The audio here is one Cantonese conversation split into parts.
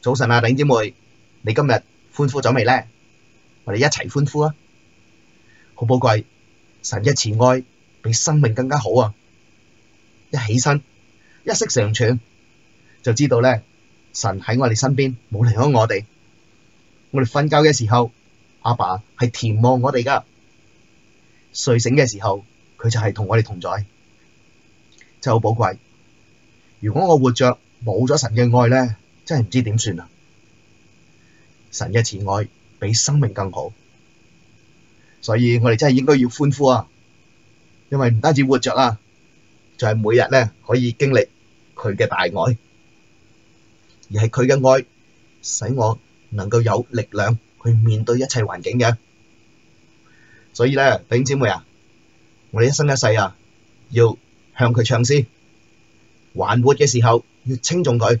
早晨啊，頂姐妹，你今日歡呼咗未咧？我哋一齊歡呼啊！好寶貴，神嘅慈愛比生命更加好啊！一起身，一息尚存，就知道咧神喺我哋身邊，冇離開我哋。我哋瞓覺嘅時候，阿爸係甜望我哋㗎；睡醒嘅時候，佢就係同我哋同在，真係好寶貴。如果我活着冇咗神嘅愛咧，真係唔知點算啊。神嘅慈愛比生命更好，所以我哋真係應該要歡呼啊！因為唔單止活着啊，仲係每日咧可以經歷佢嘅大愛，而係佢嘅愛使我能夠有力量去面對一切環境嘅。所以咧，弟兄姊妹啊，我哋一生一世啊，要向佢唱詩，還活嘅時候要稱頌佢。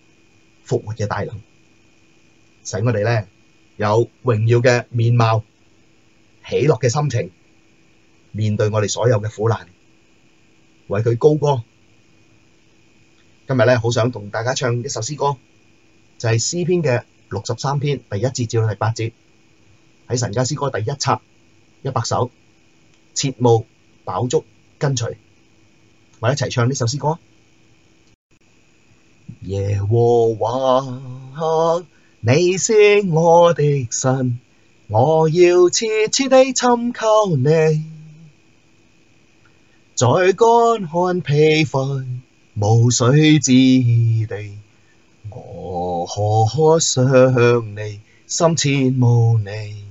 復活嘅大能，使我哋咧有榮耀嘅面貌、喜樂嘅心情，面對我哋所有嘅苦難，為佢高歌。今日咧好想同大家唱一首詩歌，就係詩篇嘅六十三篇第一至到第八節，喺神家詩歌第一冊一百首，切慕飽足跟隨，我哋一齊唱呢首詩歌。耶和華，你是我的神，我要切切地尋求你。在乾旱疲乏無水之地，我渴想你，心切慕你。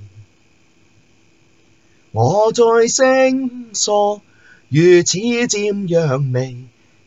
我在聖所，如此瞻仰你。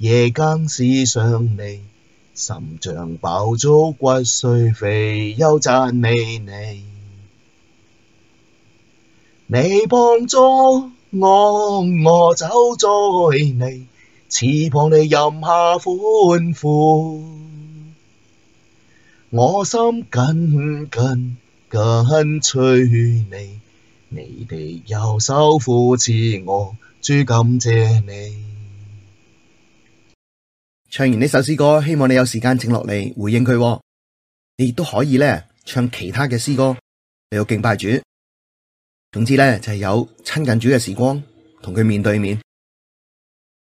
夜更思想你，心像飽足骨髓肥油，又讚美你，你，你幫助我，我走在你翅膀裏蔭下歡呼，我心緊緊緊隨你，你的右手扶持我，主，感謝你。唱完呢首詩歌，希望你有時間靜落嚟回應佢。你亦都可以咧唱其他嘅詩歌你要敬拜主。總之咧就係、是、有親近主嘅時光，同佢面對面。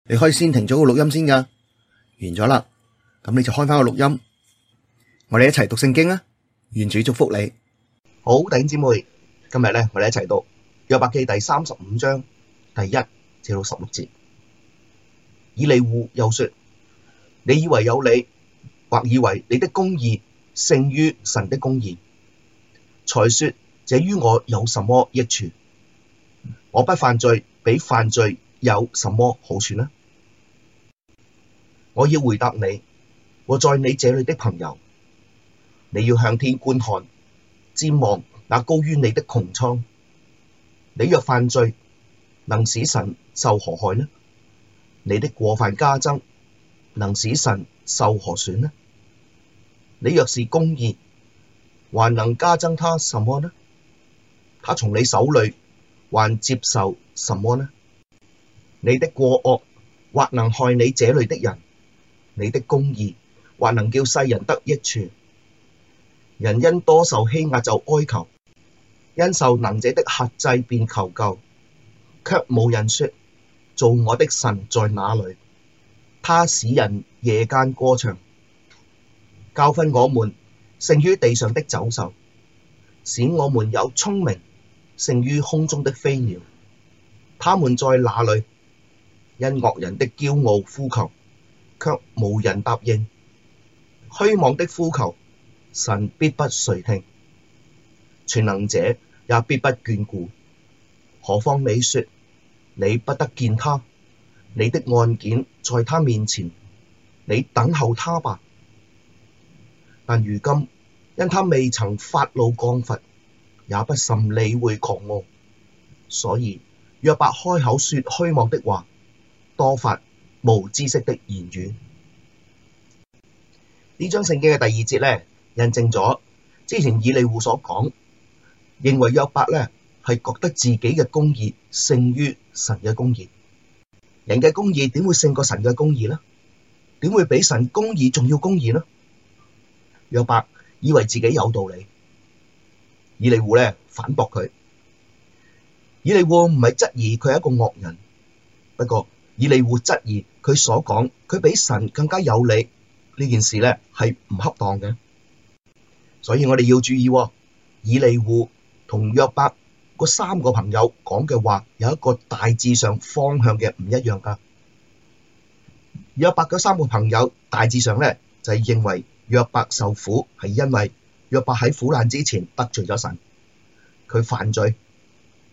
你可以先停咗個錄音先噶，完咗啦，咁你就開翻個錄音，我哋一齊讀聖經啊。願主祝福你，好弟兄姊妹。今日咧，我哋一齊讀約伯記第三十五章第一至到十六節。以利戶又說。你以為有理，或以為你的公義勝於神的公義，才說這於我有什麼益處？我不犯罪，比犯罪有什麼好處呢？我要回答你，和在你這裡的朋友，你要向天觀看，瞻望那高於你的穹蒼。你若犯罪，能使神受何害呢？你的過犯加增，能使神受何損呢？你若是公義，還能加增他什麼呢？他從你手裡還接受什麼呢？你的過惡或能害你這類的人，你的公義或能叫世人得益處。人因多受欺壓就哀求，因受能者的轄制便求救，却冇人說：造我的神在哪裡？他使人夜間歌唱，教訓我們勝於地上的走獸，使我們有聰明勝於空中的飛鳥。他們在那裏，因惡人的驕傲呼求，卻無人答應，虛妄的呼求，神必不垂聽，全能者也必不眷顧。何況你說你不得見他？你的案件在他面前，你等候他吧。但如今因他未曾發怒降罰，也不甚理會狂傲，所以約伯開口說虛妄的話，多發無知識的言語。呢張聖經嘅第二節呢，印證咗之前以利戶所講，認為約伯呢係覺得自己嘅公義勝於神嘅公義。人嘅公義點會勝過神嘅公義呢？點會比神公義仲要公義呢？約伯以為自己有道理，以利戶咧反駁佢。以利戶唔係質疑佢係一個惡人，不過以利戶質疑佢所講佢比神更加有利，呢件事咧係唔恰當嘅，所以我哋要注意，以利戶同約伯個三個朋友講嘅話有一個大致上方向嘅唔一樣噶。約伯嗰三個朋友大致上咧就係認為約伯受苦係因為約伯喺苦難之前得罪咗神，佢犯罪，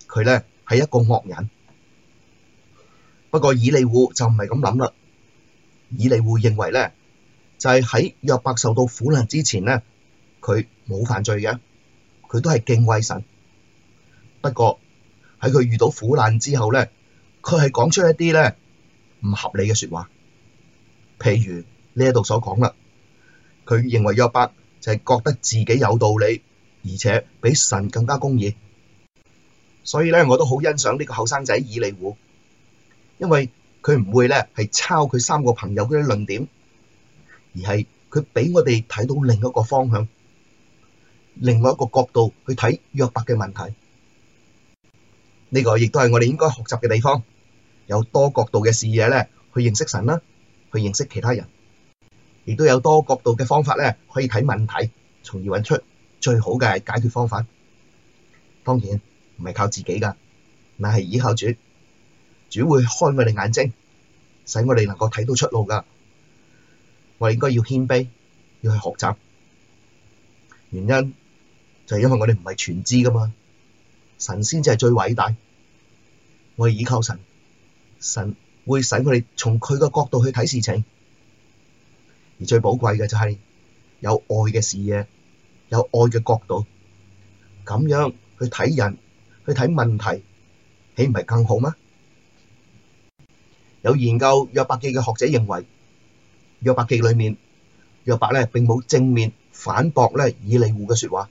佢咧係一個惡人。不過以利戶就唔係咁諗啦，以利戶認為咧就係喺約伯受到苦難之前咧，佢冇犯罪嘅，佢都係敬畏神。不過喺佢遇到苦難之後，呢佢係講出一啲呢唔合理嘅説話，譬如呢度所講啦，佢認為約伯就係覺得自己有道理，而且比神更加公義，所以呢，我都好欣賞呢個後生仔以利戶，因為佢唔會呢係抄佢三個朋友嗰啲論點，而係佢俾我哋睇到另一個方向，另外一個角度去睇約伯嘅問題。呢個亦都係我哋應該學習嘅地方，有多角度嘅視野咧，去認識神啦，去認識其他人，亦都有多角度嘅方法咧，可以睇問題，從而揾出最好嘅解決方法。當然唔係靠自己噶，乃係倚靠主，主會開我哋眼睛，使我哋能夠睇到出路噶。我哋應該要謙卑，要去學習。原因就係因為我哋唔係全知噶嘛。神先至係最偉大，我哋倚靠神，神會使我哋從佢嘅角度去睇事情，而最寶貴嘅就係、是、有愛嘅視野、有愛嘅角度，咁樣去睇人、去睇問題，豈唔係更好嗎？有研究約伯記嘅學者認為，約伯記裏面約伯咧，並冇正面反駁咧以利戶嘅說話。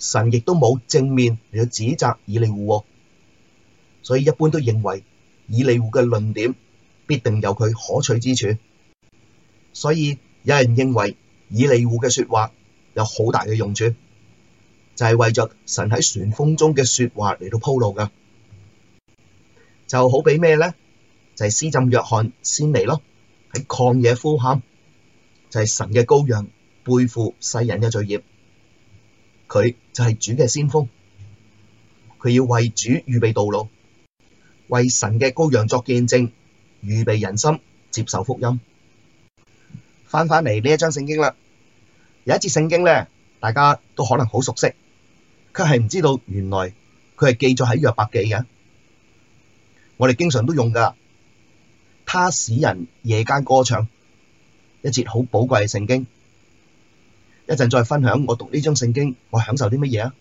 神亦都冇正面嚟到指責以利戶，所以一般都認為以利戶嘅論點必定有佢可取之處，所以有人認為以利戶嘅說話有好大嘅用處，就係、是、為着神喺旋風中嘅說話嚟到鋪路噶，就好比咩咧，就係施浸約翰先嚟咯，喺曠野呼喊，就係、是、神嘅羔羊背負世人嘅罪孽。佢就係主嘅先鋒，佢要為主預備道路，為神嘅羔羊作見證，預備人心接受福音。翻返嚟呢一章聖經啦，有一節聖經咧，大家都可能好熟悉，卻係唔知道原來佢係記咗喺約伯記嘅。我哋經常都用噶，他使人夜間歌唱，一節好寶貴嘅聖經。一陣再分享，我讀呢章聖經，我享受啲乜嘢啊？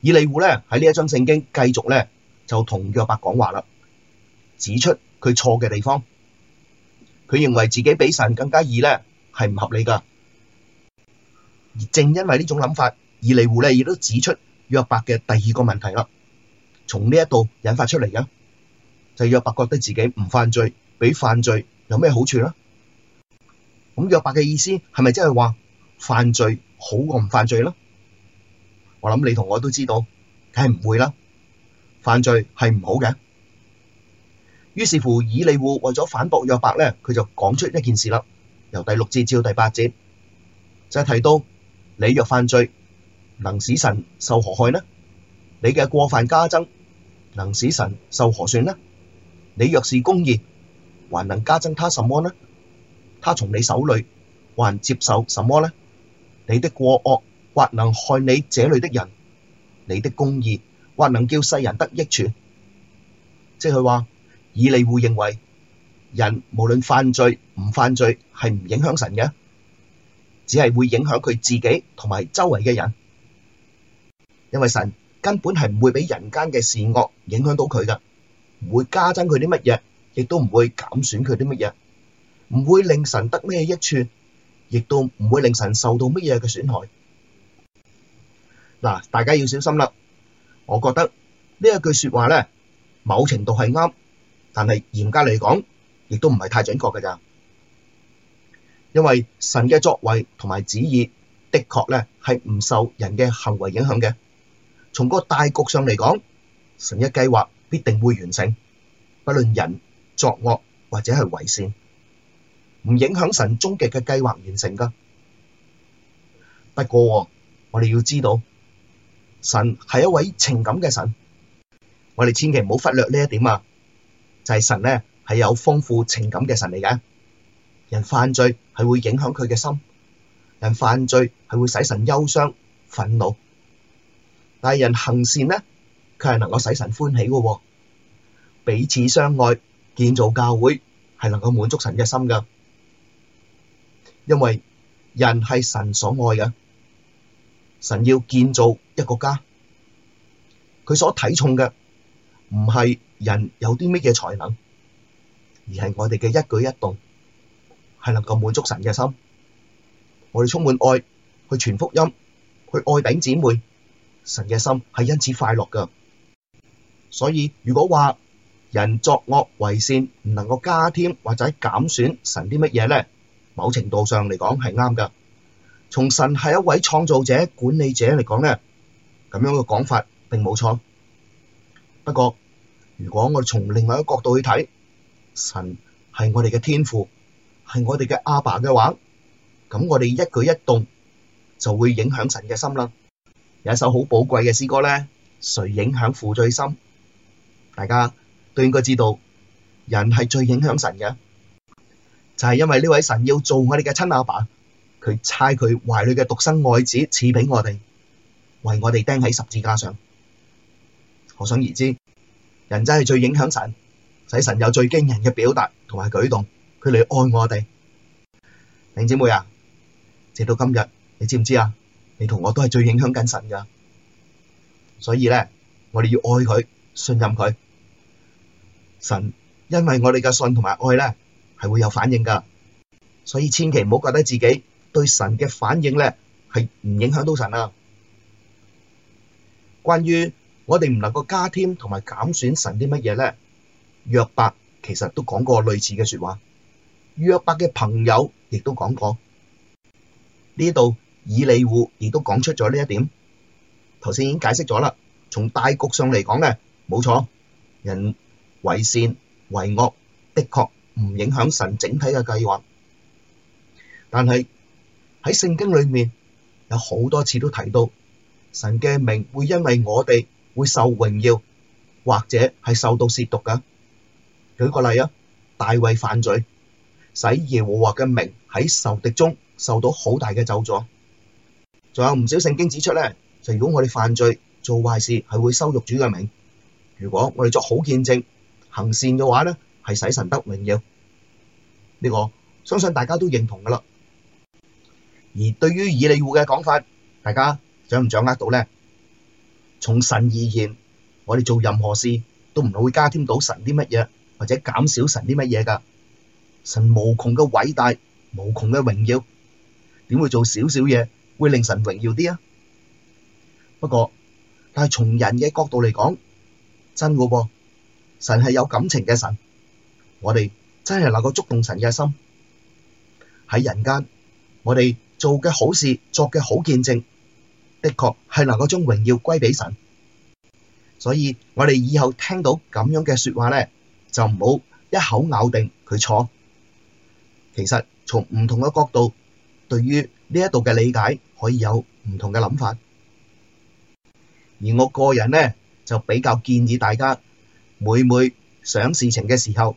以利戶咧喺呢一章聖經繼續咧就同約伯講話啦，指出佢錯嘅地方。佢認為自己比神更加義咧係唔合理噶。而正因為呢種諗法，以利戶咧亦都指出約伯嘅第二個問題啦，從呢一度引發出嚟嘅，就約伯覺得自己唔犯罪比犯罪有咩好處啊？咁約伯嘅意思係咪即係話犯罪好過唔犯罪咧？我諗你同我都知道，梗係唔會啦。犯罪係唔好嘅。於是乎，以利戶為咗反駁約伯咧，佢就講出一件事啦。由第六節至第八節，就係提到：你若犯罪，能使神受何害呢？你嘅過犯加增，能使神受何損呢？你若是公義，還能加增他什麼呢？他從你手裏還接受什麼呢？你的過惡或能害你這類的人，你的公義或能叫世人得益處。即係話，以利戶認為人無論犯罪唔犯罪係唔影響神嘅，只係會影響佢自己同埋周圍嘅人，因為神根本係唔會畀人間嘅善惡影響到佢㗎，唔會加增佢啲乜嘢，亦都唔會減損佢啲乜嘢。唔會令神得咩益處，亦都唔會令神受到乜嘢嘅損害。嗱，大家要小心啦。我覺得呢一句說話咧，某程度係啱，但係嚴格嚟講，亦都唔係太準確噶咋。因為神嘅作為同埋旨意的確咧係唔受人嘅行為影響嘅。從個大局上嚟講，神嘅計劃必定會完成，不論人作惡或者係為善。唔影響神終極嘅計劃完成噶。不過我哋要知道，神係一位情感嘅神，我哋千祈唔好忽略呢一點啊。就係、是、神咧係有豐富情感嘅神嚟嘅。人犯罪係會影響佢嘅心，人犯罪係會使神憂傷憤怒，但係人行善咧，佢係能夠使神歡喜嘅。彼此相愛，建造教會係能夠滿足神嘅心噶。因為人係神所愛嘅，神要建造一個家，佢所睇重嘅唔係人有啲乜嘢才能，而係我哋嘅一舉一動係能夠滿足神嘅心。我哋充滿愛去傳福音，去愛頂姊妹，神嘅心係因此快樂㗎。所以如果話人作惡為善，唔能夠加添或者減損神啲乜嘢咧？某程度上嚟講係啱噶，從神係一位創造者、管理者嚟講咧，咁樣嘅講法並冇錯。不過如果我哋從另外一個角度去睇，神係我哋嘅天父，係我哋嘅阿爸嘅話，咁我哋一舉一動就會影響神嘅心啦。有一首好寶貴嘅詩歌咧，誰影響父最深？大家都應該知道，人係最影響神嘅。就係因為呢位神要做我哋嘅親阿爸，佢差佢懷裏嘅獨生愛子賜俾我哋，為我哋釘喺十字架上。可想而知，人真係最影響神，使神有最驚人嘅表達同埋舉動，佢嚟愛我哋。弟兄姊妹啊，直到今日，你知唔知啊？你同我都係最影響緊神噶，所以咧，我哋要愛佢，信任佢。神因為我哋嘅信同埋愛咧，係會有反應㗎，所以千祈唔好覺得自己對神嘅反應咧，係唔影響到神啊。關於我哋唔能夠加添同埋減損神啲乜嘢咧，約伯其實都講過類似嘅説話。約伯嘅朋友亦都講過呢度，以利戶亦都講出咗呢一點。頭先已經解釋咗啦，從大局上嚟講咧，冇錯，人為善為惡，的確。唔影響神整體嘅計劃，但係喺聖經裏面有好多次都提到，神嘅名會因為我哋會受榮耀，或者係受到褻瀆噶。舉個例啊，大衛犯罪，使耶和華嘅名喺仇敵中受到好大嘅咒詛。仲有唔少聖經指出咧，就如果我哋犯罪做壞事係會羞辱主嘅名，如果我哋作好見證行善嘅話咧。係使神得榮耀呢個，相信大家都認同噶啦。而對於以利戶嘅講法，大家掌唔掌握到咧？從神而言，我哋做任何事都唔會加添到神啲乜嘢，或者減少神啲乜嘢噶。神無窮嘅偉大，無窮嘅榮耀，點會做少少嘢會令神榮耀啲啊？不過，但係從人嘅角度嚟講，真嘅噃，神係有感情嘅神。我哋真係能夠觸動神嘅心喺人間，我哋做嘅好事、作嘅好見證，的確係能夠將榮耀歸畀神。所以，我哋以後聽到咁樣嘅説話咧，就唔好一口咬定佢錯。其實從唔同嘅角度，對於呢一度嘅理解可以有唔同嘅諗法。而我個人咧就比較建議大家每每想事情嘅時候，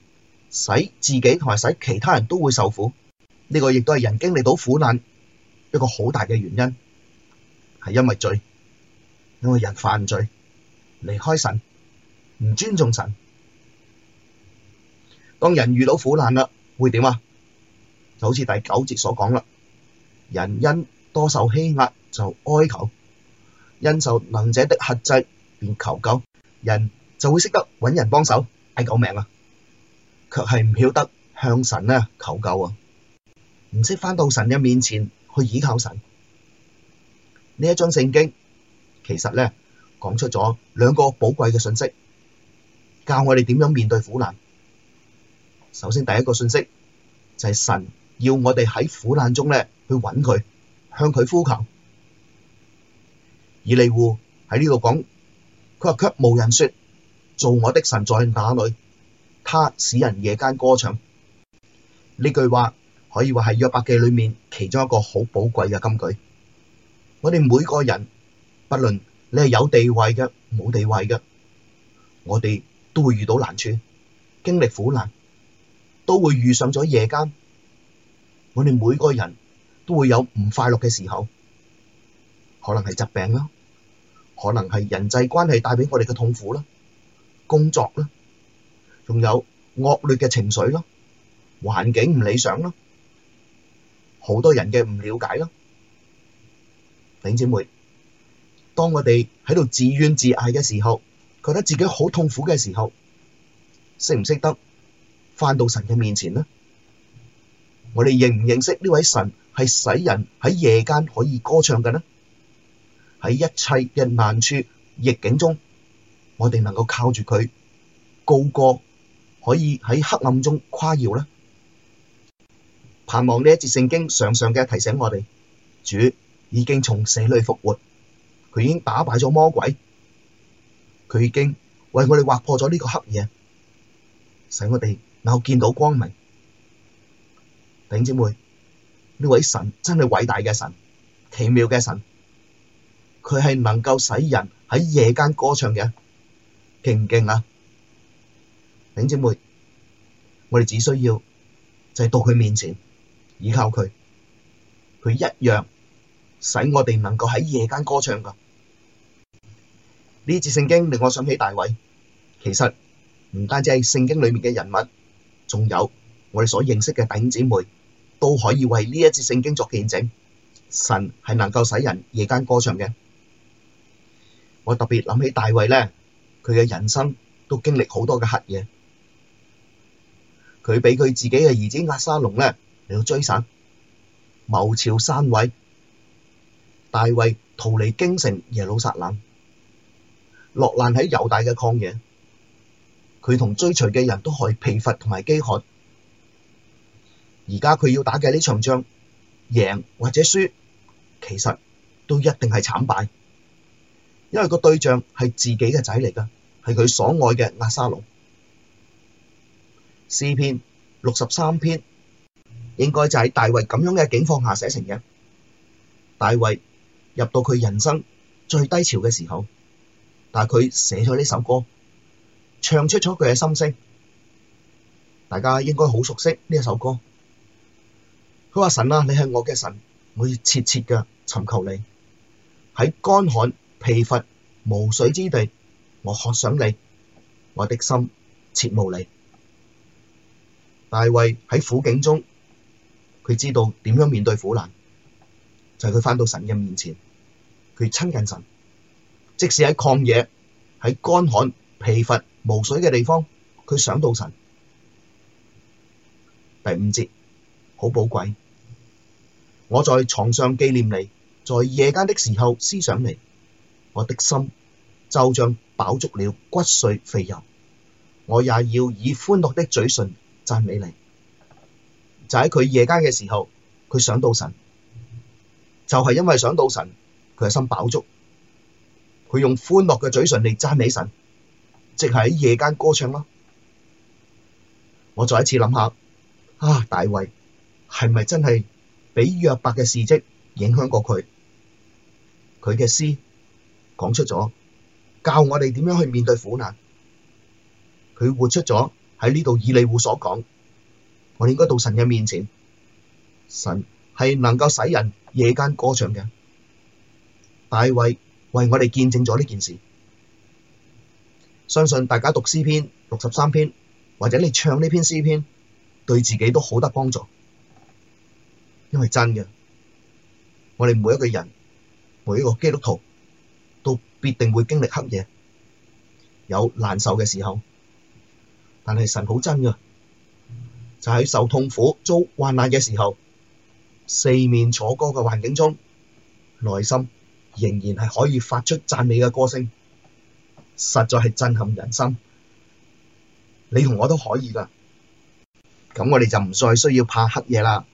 使自己同埋使其他人都會受苦，呢、這個亦都係人經歷到苦難一個好大嘅原因，係因為罪，因為人犯罪，離開神，唔尊重神。當人遇到苦難啦，會點啊？就好似第九節所講啦，人因多受欺壓就哀求，因受能者的轄制便求救，人就會識得揾人幫手，嗌救命啊！卻係唔曉得向神啊求救啊，唔識返到神嘅面前去倚靠神。呢一章聖經其實咧講出咗兩個寶貴嘅信息，教我哋點樣面對苦難。首先第一個信息就係神要我哋喺苦難中咧去揾佢，向佢呼求。以利戶喺呢度講，佢話卻無人說，造我的神在哪裡？他使人夜間歌唱，呢句話可以話係約伯記裏面其中一個好寶貴嘅金句。我哋每個人不論你係有地位嘅、冇地位嘅，我哋都會遇到難處，經歷苦難，都會遇上咗夜間。我哋每個人都會有唔快樂嘅時候，可能係疾病啦，可能係人際關係帶俾我哋嘅痛苦啦，工作啦。仲有惡劣嘅情緒咯，環境唔理想咯，好多人嘅唔瞭解咯，頂姐妹，當我哋喺度自怨自艾嘅時候，覺得自己好痛苦嘅時候，識唔識得返到神嘅面前呢？我哋認唔認識呢位神係使人喺夜間可以歌唱嘅呢？喺一切嘅難處逆境中，我哋能夠靠住佢高歌。可以喺黑暗中誇耀啦，盼望呢一節聖經常常嘅提醒我哋，主已經從死裏復活，佢已經打敗咗魔鬼，佢已經為我哋劃破咗呢個黑夜，使我哋能夠見到光明。弟兄姊妹，呢位神真係偉大嘅神，奇妙嘅神，佢係能夠使人喺夜間歌唱嘅，勁唔勁啊？弟姐妹，我哋只需要就係到佢面前倚靠佢，佢一樣使我哋能夠喺夜間歌唱噶。呢節聖經令我想起大衛，其實唔單止係聖經裏面嘅人物，仲有我哋所認識嘅弟姐妹，都可以為呢一節聖經作見證。神係能夠使人夜間歌唱嘅。我特別諗起大衛咧，佢嘅人生都經歷好多嘅黑夜。佢俾佢自己嘅兒子押沙龍咧嚟到追殺，謀朝篡位，大衛逃離京城耶路撒冷，落難喺猶大嘅曠野。佢同追隨嘅人都可以疲乏同埋飢渴。而家佢要打嘅呢場仗，贏或者輸，其實都一定係慘敗，因為個對象係自己嘅仔嚟噶，係佢所愛嘅押沙龍。詩篇六十三篇應該就喺大衛咁樣嘅境況下寫成嘅。大衛入到佢人生最低潮嘅時候，但係佢寫咗呢首歌，唱出咗佢嘅心聲。大家應該好熟悉呢一首歌。佢話神啊，你係我嘅神，我要切切嘅尋求你。喺乾旱、疲乏、無水之地，我渴想你，我的心切慕你。大衛喺苦境中，佢知道點樣面對苦難，就係佢返到神嘅面前，佢親近神。即使喺曠野、喺乾旱、疲乏、無水嘅地方，佢想到神。第五節好寶貴，我在床上紀念你，在夜間的時候思想你，我的心就像飽足了骨髓肥油，我也要以歡樂的嘴唇，讚美你，就喺佢夜間嘅時候，佢想到神，就係因為想到神，佢心飽足，佢用歡樂嘅嘴唇嚟讚美神，即係喺夜間歌唱咯。我再一次諗下，啊，大衛係咪真係俾約伯嘅事跡影響過佢？佢嘅詩講出咗，教我哋點樣去面對苦難。佢活出咗。喺呢度以利戶所講，我哋應該到神嘅面前，神係能夠使人夜間歌唱嘅。大衛為，為我哋見證咗呢件事，相信大家讀詩篇六十三篇，或者你唱呢篇詩篇，對自己都好得幫助，因為真嘅，我哋每一個人，每一個基督徒，都必定會經歷黑夜，有難受嘅時候。但係神好真㗎，就喺受痛苦、遭患難嘅時候，四面楚歌嘅環境中，內心仍然係可以發出讚美嘅歌聲，實在係震撼人心。你同我都可以㗎，咁我哋就唔再需要怕黑夜啦。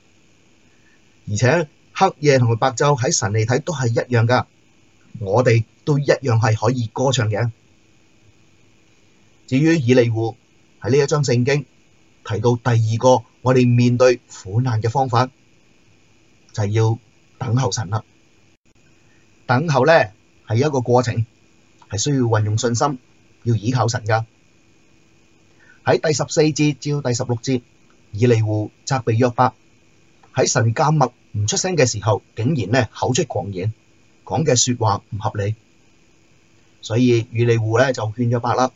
而且黑夜同埋白晝喺神嚟睇都係一樣㗎，我哋都一樣係可以歌唱嘅。至於以利戶。喺呢一章聖經提到第二個我哋面對苦難嘅方法，就係要等候神啦。等候咧係一個過程，係需要運用信心，要倚靠神噶。喺第十四節至到第十六節，以利戶責備約伯，喺神緘默唔出聲嘅時候，竟然咧口出狂言，講嘅說話唔合理，所以以利戶咧就勸約伯啦。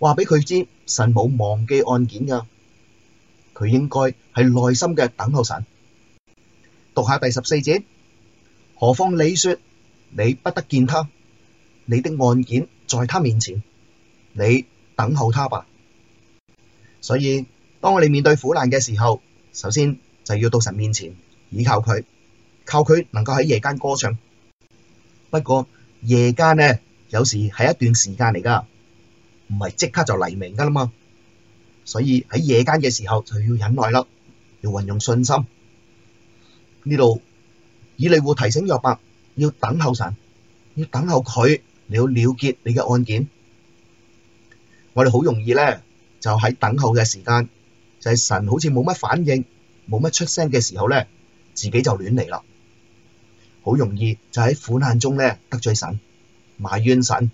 話畀佢知，神冇忘記案件噶，佢應該係耐心嘅等候神。讀下第十四節，何況你說，你不得見他，你的案件在他面前，你等候他吧。所以，當我哋面對苦難嘅時候，首先就要到神面前倚靠佢，靠佢能夠喺夜間歌唱。不過夜間呢，有時係一段時間嚟噶。唔係即刻就黎明噶啦嘛，所以喺夜間嘅時候就要忍耐啦，要運用信心。呢度以利戶提醒約伯，要等候神，要等候佢你要了結你嘅案件。我哋好容易咧，就喺等候嘅時間，就係神好似冇乜反應，冇乜出聲嘅時候咧，自己就亂嚟啦。好容易就喺苦難中咧得罪神，埋怨神。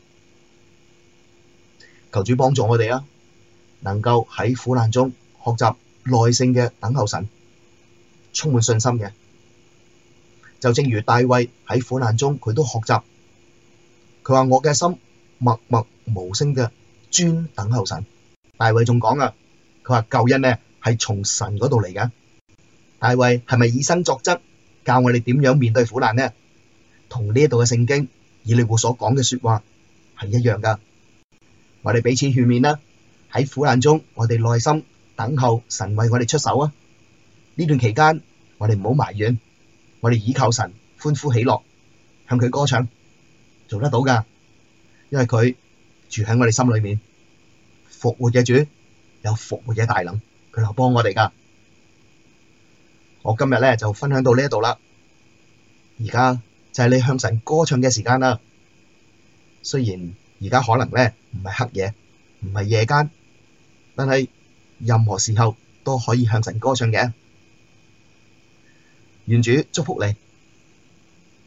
求主幫助我哋啊，能夠喺苦難中學習耐性嘅等候神，充滿信心嘅。就正如大衛喺苦難中，佢都學習。佢話我嘅心默默無聲嘅專等候神。大衛仲講啊，佢話救恩咧係從神嗰度嚟嘅。大衛係咪以身作則教我哋點樣面對苦難呢？同呢度嘅聖經以利戶所講嘅說話係一樣噶。我哋彼此勸勉啦，喺苦難中，我哋耐心等候神為我哋出手啊！呢段期間，我哋唔好埋怨，我哋倚靠神，歡呼喜樂，向佢歌唱，做得到噶因為佢住喺我哋心裏面，復活嘅主，有復活嘅大能，佢能夠幫我哋噶。我今日咧就分享到呢一度啦，而家就係你向神歌唱嘅時間啦。雖然而家可能咧，唔係黑夜，唔係夜間，但係任何時候都可以向神歌唱嘅，願主祝福你。